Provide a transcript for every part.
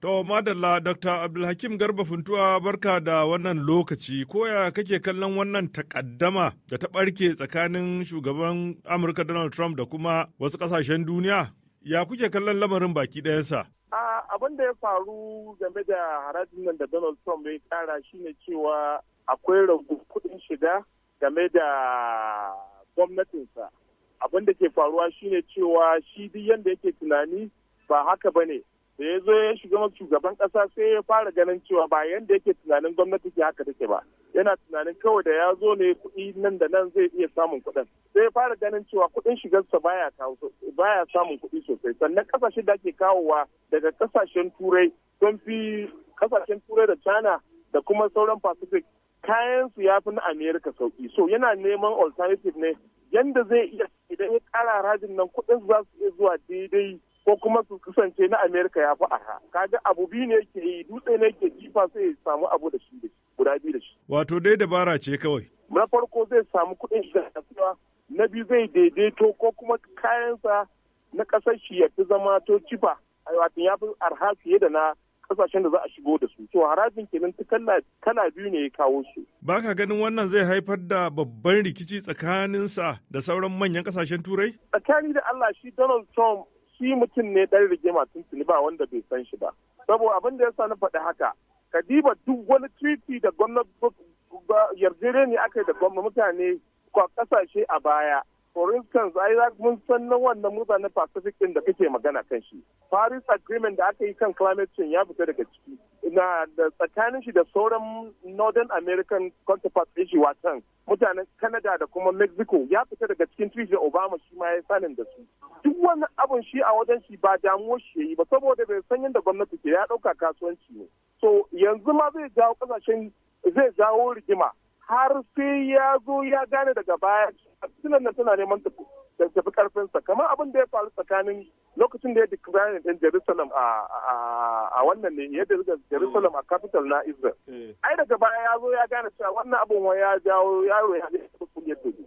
To madalla Dr. Abdulhakim Garba Funtuwa barka da wannan lokaci koya kake kallon wannan takaddama da ta ɓarke tsakanin shugaban Amurka Donald Trump da kuma wasu ƙasashen duniya? Ya kuke kallon lamarin baki ɗayansa? Abin da ya faru game da harajin nan da Donald Trump ya kara shine cewa akwai ragu kuɗin shiga game da gwamnatinsa. Abin da ke faruwa shine cewa shi duk yadda yake tunani ba haka ba ne. da ya zo ya shiga shugaban kasa sai ya fara ganin cewa ba yanda yake tunanin gwamnati ke haka take ba yana tunanin kawai da ya zo ne kuɗi nan da nan zai iya samun kuɗin sai ya fara ganin cewa kuɗin shigarsa baya baya samun kuɗi sosai sannan kasashe da ake kawowa daga kasashen turai don fi kasashen turai da china da kuma sauran pacific kayan su ya fi na america sauki so yana neman alternative ne yanda zai iya idan ya kara rajin nan kuɗin za su iya zuwa daidai ko kuma su kasance na amerika ya fi arha kaga abu biyu ne yake yi dutse ne ke jifa sai ya samu abu da shi da guda biyu da shi wato dai dabara ce kawai na farko zai samu kuɗin shiga kasuwa na biyu zai daidaito ko kuma kayansa na ƙasar shi ya fi zama to jifa wato ya fi arha fiye da na ƙasashen da za a shigo da su. To harajin kenan ta kala biyu ne ya kawo su. Ba ka ganin wannan zai haifar da babban rikici tsakaninsa da sauran manyan ƙasashen turai? Tsakani da Allah shi Donald Trump shi mutum ne ɗan rigima tuntuni ba wanda bai san shi ba saboda abin da ya sa na faɗi haka kadiba duk wani treaty da yarjejeniya aka yi da gwamnati mutane kasashe a baya for instance ai mun san na wannan na pacific din da kake magana kan shi paris agreement da aka yi kan climate change ya fita daga ciki na da tsakanin shi da sauran northern american counterparts shi watan mutanen Canada da kuma Mexico ya fita daga cikin Treaty Obama shi ma ya sanin da su. Duk wani abun shi a wajen shi ba damuwar shi yi ba saboda bai san yadda gwamnati ke ya ɗauka kasuwanci ne. So yanzu ma zai jawo ƙasashen zai jawo rigima har sai ya zo ya gane daga baya tunan nan tana neman tafi tafi karfinsa kamar abin da ya faru tsakanin lokacin da ya decline din Jerusalem a wannan ne ya Jerusalem a capital na Israel eh. ai daga baya ya zo ya gane cewa wannan abin wa ya jawo yaro ya ne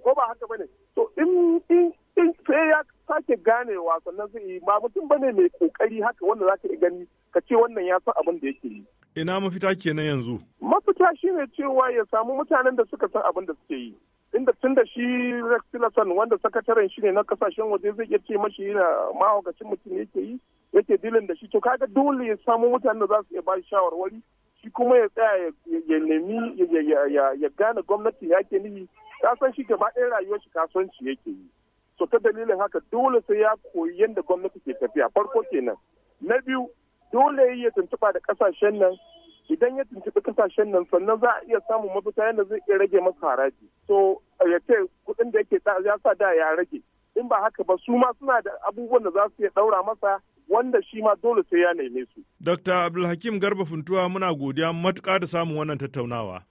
ko ba haka bane to in in in sai ya sake ganewa sannan zai yi ba mutum bane mai kokari haka wanda zaka iya gani ka ce wannan ya san abin da yake yi ina mafita kenan yanzu mafita shine cewa ya samu mutanen da suka san abin da suke yi inda tun da shi Rex Tillerson wanda sakataren shi ne na kasashen waje zai iya ce mashi yana mahaukacin mutum yake yi yake dilin da shi to kaga dole ya samu mutanen da za su iya ba shi shawarwari shi kuma ya tsaya ya nemi ya gane gwamnati yake nihi ka san shi gaba ɗaya rayuwar shi kasuwanci yake yi so ta dalilin haka dole sai ya koyi yadda gwamnati ke tafiya farko kenan na biyu dole ya tuntuɓa da kasashen nan idan ya tuntuɓi kasashen nan sannan za a iya samun mafita yadda zai iya rage masa haraji so ya ce kuɗin da yake ya sa da ya rage in ba haka ba su ma suna da abubuwan da za su iya ɗaura masa wanda shi ma dole sai ya neme su. Dr. Abdulhakim Garba Funtuwa muna godiya matuƙa da samun wannan tattaunawa.